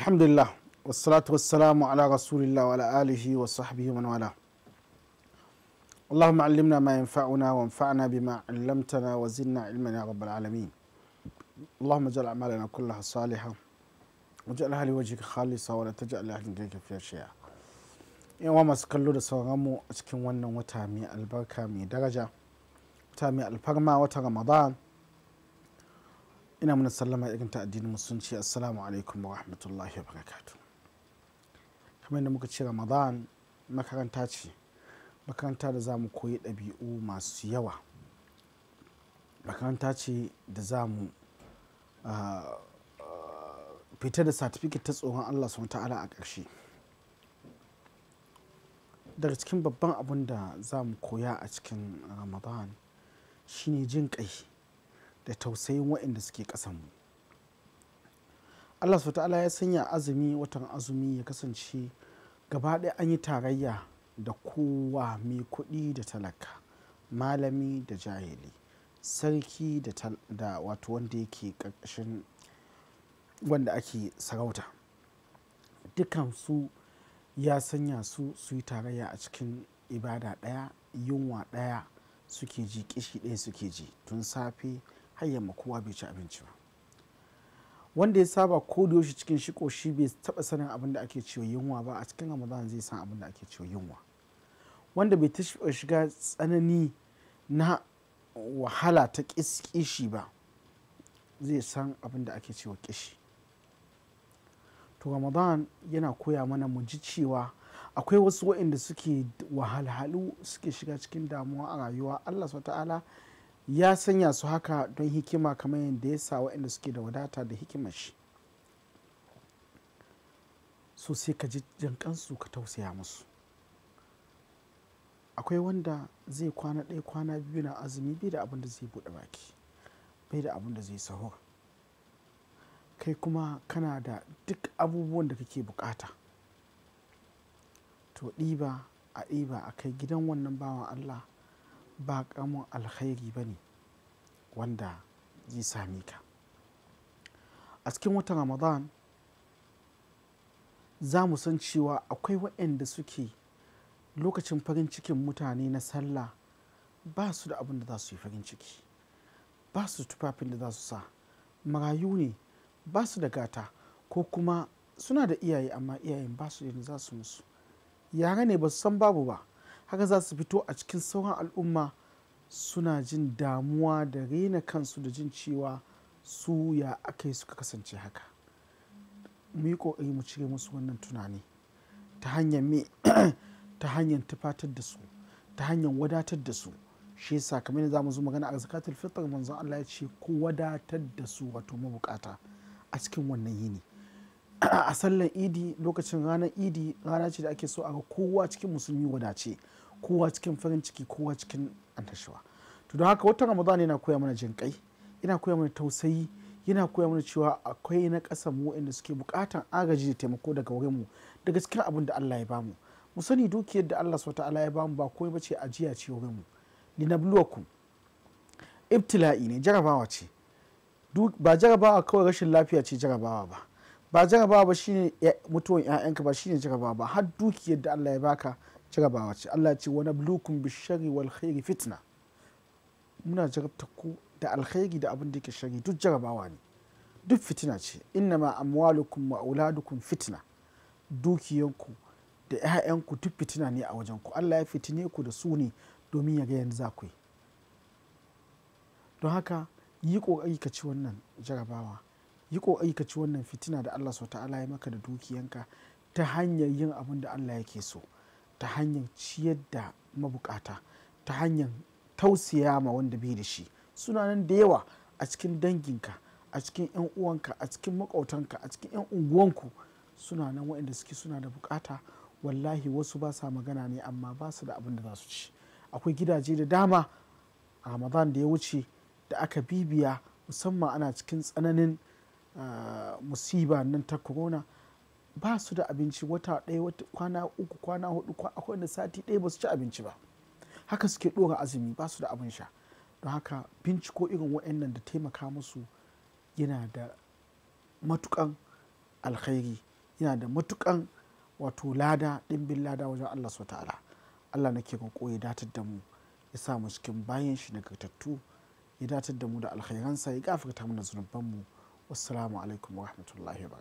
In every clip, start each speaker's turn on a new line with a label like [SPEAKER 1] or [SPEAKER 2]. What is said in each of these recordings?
[SPEAKER 1] الحمد لله والصلاة والسلام على رسول الله وعلى آله وصحبه ومن والاه اللهم علمنا ما ينفعنا وانفعنا بما علمتنا وزدنا علما يا رب العالمين اللهم اجعل أعمالنا كلها صالحة واجعلها لوجهك خالصة ولا تجعل لأحد غيرك فيها شيئا يا وما سكلو da sauranmu a cikin wannan wata mai albarka mai daraja wata mai alfarma wata ramadan ina mana sallama irin ta addinin musulunci assalamu alaikum wa rahmatullahi wa barakatu kamar da muka ce ramadan makaranta ce makaranta da za mu koyi ɗabi'u masu yawa makaranta ce da za mu ah, ah, fita da satifiket ta tsoron allah su ta'ala a ƙarshe daga cikin babban abin da za mu koya a cikin ramadan shine jin ƙai da tausayin waɗanda suke ƙasanmu allah su ta'ala ya sanya azumi watan azumi ya kasance gaba ɗaya an yi tarayya da kowa mai kuɗi da talaka malami da jahili sarki da wato wanda yake ƙarƙashin wanda ake sarauta su ya sanya su su yi tarayya a cikin ibada ɗaya yunwa ɗaya suke ji kishi ɗaya suke ji tun safe har yamma kowa bai ci abinci ba wanda ya saba ko da yaushe cikin shiko shi bai taba sanin abin da ake cewa yunwa ba a cikin ramadan zai san abin da ake cewa yunwa wanda bai ta shiga tsanani na wahala ta kishi ba zai san abin da ake cewa kishi to ramadan yana koya mana mu ji cewa akwai wasu waɗanda suke wahalhalu suke shiga cikin damuwa a rayuwa allah ta'ala ya sanya su haka don hikima kamar yadda ya sa waɗanda suke da wadata da hikimar shi so sai ka ji jankansu ka tausaya musu akwai wanda zai kwana ɗaya kwana biyu na azumi bai da abin da zai buɗe baki bai da abin da zai sahur kai kuma kana da duk abubuwan da kake bukata to ɗiba a ɗiba a kai gidan wannan bawan allah ba kamun alkhairi ba ne wanda zai sami ka a cikin watan ramadan za mu san cewa akwai waɗanda suke lokacin farin cikin mutane na sallah ba su da abin da za su yi farin ciki ba su tufafin da za su sa marayu ne ba su da gata ko kuma suna da iyaye amma iyayen ba su da za su musu Yare ne ba su san babu ba haka za su fito a cikin sauran al'umma suna jin damuwa da raina kansu da jin cewa su ya aka yi suka kasance haka mu yi mu cire musu wannan tunani ta hanyar me ta hanyar tufatar da su ta hanyar wadatar da su shi yasa kamar za mu zo magana a zakatul fitr manzon Allah ya ce ku wadatar da su wato mabukata a cikin wannan yini a sallar idi lokacin ranar idi rana ce da ake so a ga kowa cikin musulmi wadace kowa cikin farin ciki kowa cikin annashuwa to don haka watan ramadan yana koya mana jin kai yana koya mana tausayi yana koya mana cewa akwai na ƙasa mu inda suke buƙatan agaji da taimako daga wurin mu daga cikin abin da Allah ya bamu mu sani dukiyar da Allah subhanahu ta'ala ya bamu ba komai bace ajiya ce wurin mu linabluwakum ibtila'i ne jarabawa ce ba jarabawa kawai rashin lafiya ce jarabawa ba ba jarabawa ba shine mutuwan 'ya'yanka ba shine jarabawa ba har dukiyar da Allah ya baka jarabawa ce Allah ce wani bulukun bishari wal khairi fitna muna jarabta ku da alkhairi da abin da yake shari duk jarabawa ne duk fitina ce innama amwalukum wa auladukum fitina dukiyanku da 'ya'yanku duk fitina ne a wajen ku Allah ya fitine ku da su ne domin ya ga yanzu za ku yi don haka yi kokari ka ci wannan jarabawa yi kokari ka ci wannan fitina da Allah sau ta'ala ya maka da dukiyanka ta hanyar yin abin da Allah yake so ta hanyar ciyar da mabukata ta hanyar tausaya ma wanda bai da shi suna nan da yawa a cikin danginka a cikin 'yan uwanka a cikin makautanka a cikin 'yan unguwanku suna nan waɗanda suke suna da bukata wallahi wasu ba sa magana ne amma ba su da abin da za su ci akwai gidaje da dama a ramadan da ya wuce da aka bibiya musamman ana cikin tsananin ah, musiba nan ta corona ba su da abinci wata ɗaya kwana uku kwana hudu akwai da sati ɗaya ba su ci abinci ba haka suke ɗora azumi ba su da abin sha don haka binciko irin waɗannan da taimaka musu yana da matukan alkhairi yana da matukan wato lada ɗimbin lada wajen allah su ta'ala allah na ke roƙo ya datar da mu ya sa mu cikin bayan shi na gartattu ya datar da mu da alkhairansa ya gafarta mana zunubanmu wassalamu alaikum wa rahmatullahi wa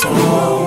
[SPEAKER 1] Tomorrow.